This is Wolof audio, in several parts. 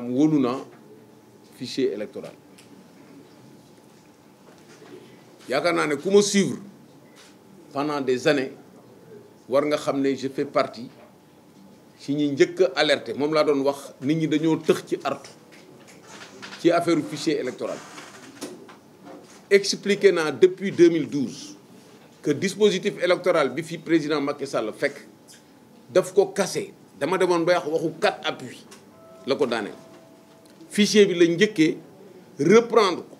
maanaam wóolu na fichier yaakaar naa ne ku ma suivre pendant des années war nga xam ne je fais partie ci ñi njëkk a moom laa doon wax nit ñi dañoo tëx ci artu ci affaire fichier électoral expliqué naa depuis 2012 que dispositif électoral bi fi président Macky Sall fekk daf ko kase dama demoon ba wax waxu quatre appuis la ko daaneel fichier bi la njëkkee reprendre ko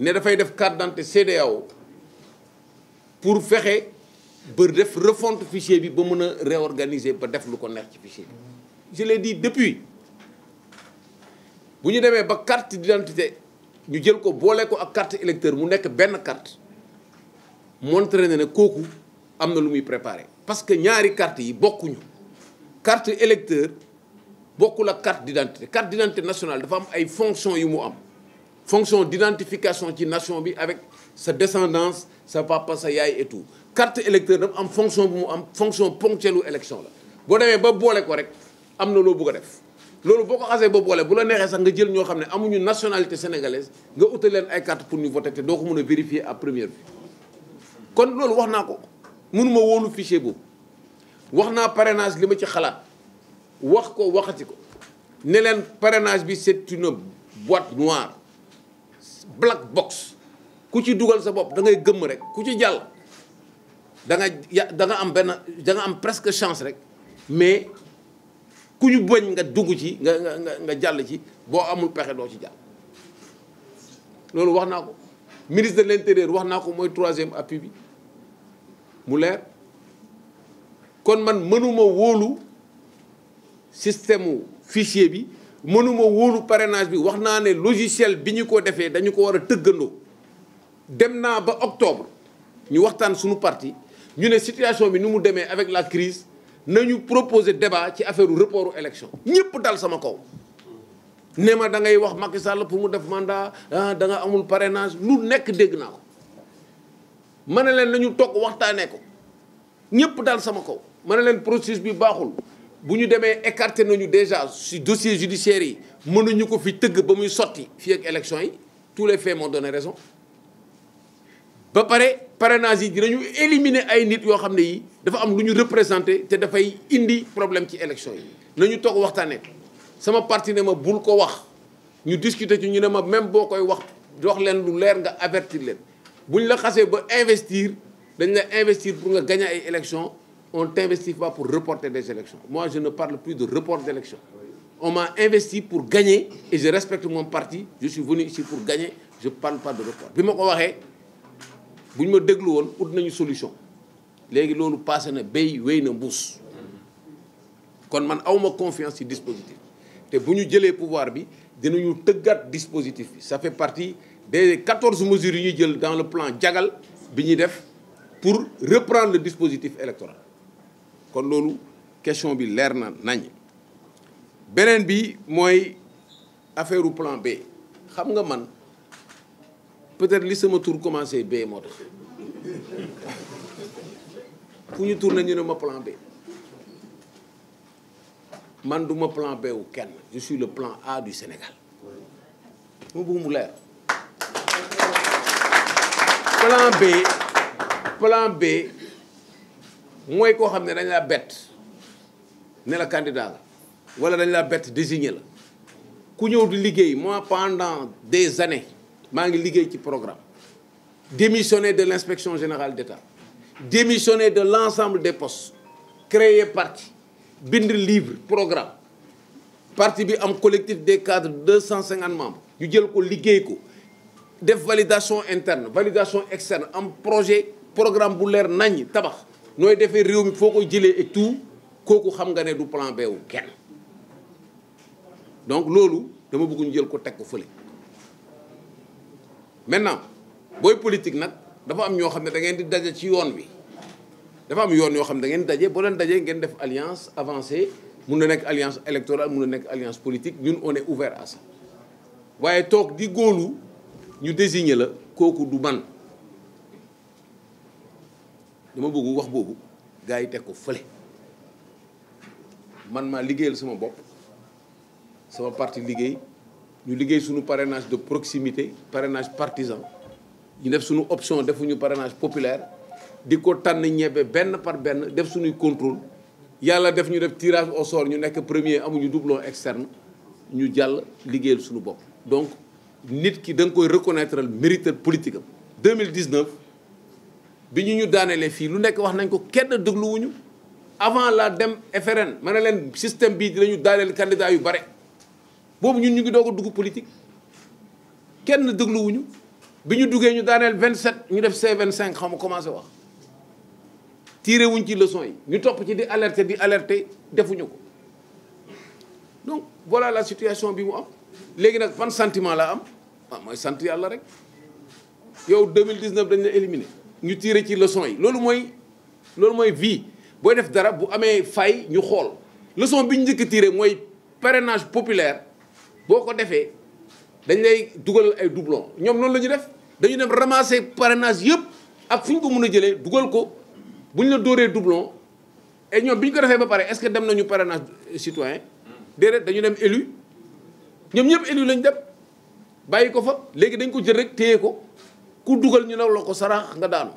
ne dafay def carte d'identité CEDEAO pour fexe ba def refonte fichier bi ba mën a réorganiser ba def lu ko neex ci fichier bi je l'ai dit depuis bu ñu demee ba carte d'identité ñu jël ko boole ko ak carte électeur mu nekk benn carte montré na ne kooku am na lu muy préparé parce que ñaari carte yi bokkuñu carte électeur bokkul ak carte d'identité carte d'identité nationale dafa am ay fonction yu mu am fonction d'identification ci nation bi avec sa descendance sa papa sa yaay et tout carte électeur dafa am fonction bu mu am fonction ponctuelle u élection la boo demee ba boole ko rek am na loo bëgg a def loolu boo ko xasee ba boole bu la neexee sax nga jël ñoo xam ne amuñu nationalité sénégalaise nga utal leen ay carte pour ñu voter te doo ko mën a vérifier à première vue kon loolu wax naa ko mënuma wóolu fichier boobu wax naa parrainage li ma ci xalaat wax ko waxati ko ni leen parrainage bi c'est une boîte noire black box ku ci dugal sa bopp da ngay gëmm rek ku ci jàll da nga da nga am benn da nga am presque chance rek mais ku ñu bañ nga dugg ci nga nga nga jàll ci boo amul pexe doo ci jàll loolu wax naa ko ministre de l'intérieur wax naa ko mooy troisième appui bi mu leer kon man mënuma wóolu système fichier bi mënuma wóolu parrainage bi wax naa ne logiciel bi ñu ko defee dañu ko war a tëggandoo dem naa ba octobre ñu waxtaan suñu parti ñu ne situation bi ni mu demee avec la crise nañu proposer débat ci affaire report élection ñëpp daal sama kaw ne ma da ngay wax Macky Sall pour mu def mandat ah da nga amul parrainage lu nekk dégg naa ko ma ne leen nañu toog waxtaanee ko ñëpp daal sama kow ma ne leen processus bi baaxul bu ñu demee écarté nañu déjà si dossier judiciaire yi mënuñu ko fi tëgg ba muy sotti fii ak élection yi tous les faits m'ont donné raison ba pare parrainage yi dinañu éliminer ay nit yoo xam ne yi dafa am lu ñu représenté te dafay indi problème ci élection yi nañu toog waxtaanee sama parti ne ma bul ko wax ñu discuter ci ñu ne ma même boo koy wax wax leen lu leer nga avertir leen buñ la xasee ba investir dañ la investir pour nga gagner ay élection on ne t'investit pas pour reporter des élections. Moi, je ne parle plus de report d'élections. On m'a investi pour gagner et je respecte mon parti. Je suis venu ici pour gagner. Je ne parle pas de report. bi ma ko waxee bu ñu ma déglu woon ut nañu solution léegi loolu passé na béy wéy na mbuus kon man awma confiance ci dispositif te bu ñu jëlee pouvoir bi dinañu tëggaat dispositif bi ça fait partie des quatorze mesures yu ñuy jël dans le plan jagal bi ñuy def pour reprendre dispositif électoral kon loolu question bi leer na nañ beneen bi mooy affaire u plan B xam nga man peut-être li sama tour commencé B moo tax fu ñu tourné ñu ne ma plan B man du ma plan B wu kenn je suis le plan A du Sénégal mu bëgg leer plan B plan B mooy koo xam ne dañ laa bett ne la candidat la wala dañ la bett désigné la ku ñëw di liggéey moi pendant des années maa ngi liggéey ci programme démissionné de l'inspection générale d'État démissionné de l'ensemble des postes créer parti bind livre programme parti bi am collectif des cadres deux cent cinquante membre ñu jël ko liggéey ko def validation interne validation externe am projet programme bu leer nañ tabax nooy defee réew mi foo ko jëlee et tout kooku xam nga ne du plan B wu kenn donc loolu dama bëgg ñu jël ko teg ko fële. maintenant booy politique nag dafa am ñoo xam ne da di daje ci yoon wi dafa am yoon yoo xam ne da ngeen daje boo leen dajee ngeen def alliance avancée mun na nekk alliance électorale mun na nekk alliance politique ñun on est ouvert à ça waaye toog di góolu ñu désigner la kooku du man. dama bëgg wax boobu gaa yi teg ko fële man maa liggéeyal sama bopp sama parti liggéey ñu liggéey suñu parrainage de proximité parenage partisan ñu def suñu option defuñu parrainage populaire di ko tànn ñebe benn par benn def suñuy contrôle yàlla def ñu def tirage au sort ñu nekk premier amuñu doublon externe ñu jàll liggéeyal suñu bopp donc nit ki da nga koy reconnaître mérite politique am 2019 bi ñu ñu daanelee fii lu nekk wax nañ ko kenn dégluwuñu avant laa dem FRN ma ne leen système bii dinañu daaneel candidat yu bare boobu ñu ñu ngi doog ko dugg politique kenn dégluwuñu bi ñu duggee ñu daaneel vingt 27 ñu def C25 xam nga commencé wax tiré wuñ ci leçon yi ñu topp ci di alerte di alerter defuñu ko donc voilà la situation bi mu am léegi nag fan sentiment laa am ah mooy sant yàlla rek yow 2019 dañ la ñu tiire ci leçon yi loolu mooy loolu mooy vie boo def dara bu amee fay ñu xool leçon bi ñu njëkk a tiire mooy parrainage populaire boo ko defee dañ lay dugal ay doublon ñoom loolu la ñu def dañu dem ramasser parrainage yëpp ak fu ñu ko mun a jëlee dugal ko bu ñu la dóoree doublon et ñoom bi ñu ko defee ba pare est-ce que dem nañu parrainage citoyen déedéet dañu dem élu ñoom ñëpp élu lañ dem bàyyi ko fa léegi dañ ko jël rek téye ko ku dugal ñu ne la ko sarax nga daanu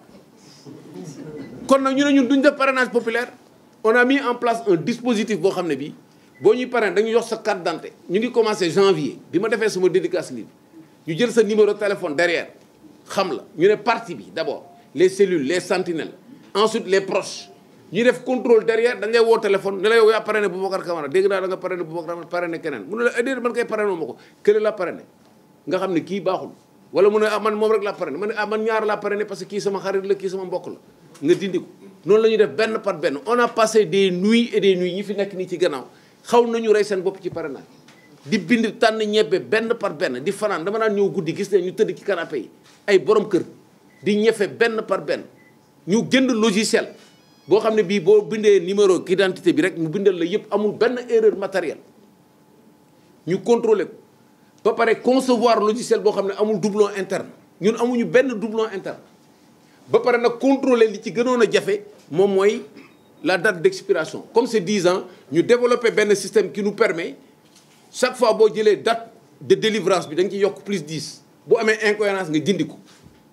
kon nag ñu ne ñun duñ def parrainage populaire on a mis en place un dispositif boo xam ne bii boo ñuy parrain dañu yox sa carte d'identité ñu ngi commencé janvier bi ma defee sama dédicace libre ñu jël sa numéro téléphone derrière xam la ñu ne parti bi d'abord les cellules les sentinelles ensuite les proches ñu def contrôle derrière dañ woo téléphone ne la yow yaa parrainé Boubacar Camara dégg naa da nga parrainé Boubacar eh, ne kii baaxul wala mu ne ah, man moom rek la parrainé ma ne ah man ñaar la parrainé parce que kii sama xarit la kii sama mbokk la nga dindi ko noonu la ñuy def benn par benn on a passé des nuits et des fi nekk nii ci gannaaw xaw nañu rey seen bopp ci parrainage di bind tànn ñebbe benn par benn di fanaan dama naan ñëw guddi gis ne ñu tëdd ci canapé yi ay borom kër di ñefe benn par benn ñu jënd logiciel boo xam ne bii boo bindee numéro d'identité bi rek mu bindal la yëpp amul benn erreur matérielle ñu contrôlé ko ba pare concevoir logiciel boo xam ne amul dublon interne ñun amuñu benn dublon interne ba pare nag contrôler li ci gënoon a jafe moom mooy la date d'expiration comme c'est dix ans ñu développer benn système qui nous permet chaque fois boo jëlee date de délivrance bi danga nga ci yokk plus dix boo amee incohérence nga dindi ko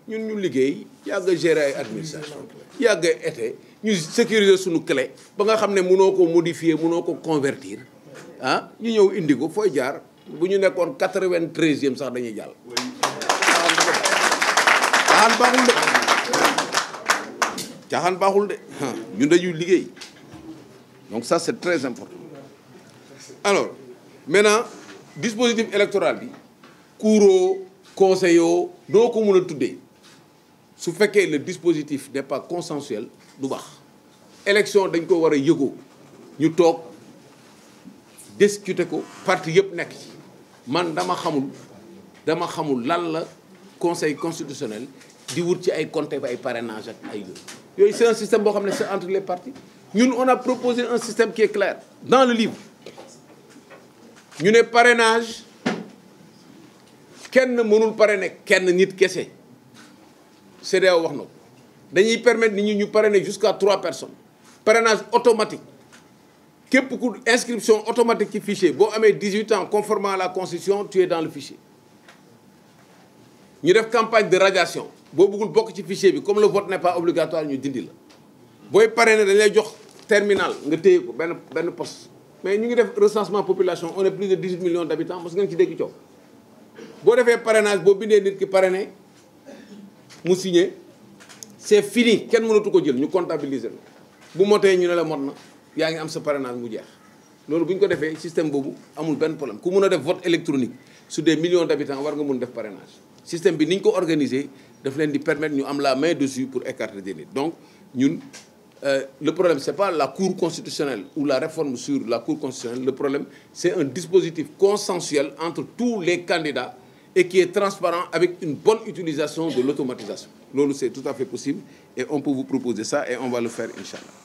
ñun ñu liggéey yàgg a gérer ay administration yàgg a été ñu sécuriser suñu clé ba nga xam ne munoo ko modifier munoo ko convertir ah ñu ñëw indi ko fooy jaar bu ñu nekkoon quatre-vingt-treizième sax dañuy jàll. caaxaan baaxul de caaxaan baaxul de ñun dañuy liggéey donc ça c'est très important alors maintenant dispositif électoral bi kuuroo conseil yoo doo ko mën a tuddee su fekkee le dispositif n'est pas consensuel du baax élection dañ ko war a yëgoo ñu toog discuter ko partie yëpp nekk ci man dama xamul dama xamul lan la conseil constitutionnel di wut ci ay compté ba ay parrainage ak ay yooyu c'est un système boo xam ne c'est entre les partis ñun on a proposé un système qui est clair dans le livre ñu ne parenage kenn mënul pare parrainer kenn nit kese CEDEAO wax na ko dañuy permettre nit ñu ñu parrainer jusqu'à trois personnes parenage automatique képp ku inscription automatique ci fichier boo amee dix-huit ans conformément à la constitution tu es dans le fichier ñu def campagne de radiation boo bëggul bokk ci fichier bi comme le vote n'est pas obligatoire ñu dindi la booy parrainé dañ lay jox terminal nga téye ko benn benn poste mais ñu ngi def recensement population on est plus de 18 millions d'habitants parce que boo defee parrainage boo bindee nit ki parrainé mu signé c'est fini kenn mënatu ko jël ñu comptabiliser la bu motee ñu ne la mot na yaa ngi am sa parrainage mu jeex loolu bu ñu ko defee système boobu amul benn problème ku mun a def vote électronique su dee millions d'habitants war nga mun def parrainage système bi ni ñu ko organiser daf leen di permettre ñu am la main dessus pour écarter des nit donc ñun euh, le problème c'est pas la cour constitutionnelle ou la réforme sur la cour constitutionnelle le problème c'est un dispositif consensuel entre tous les candidats et qui est transparent avec une bonne utilisation de loolu tout à fait possible et on peut vous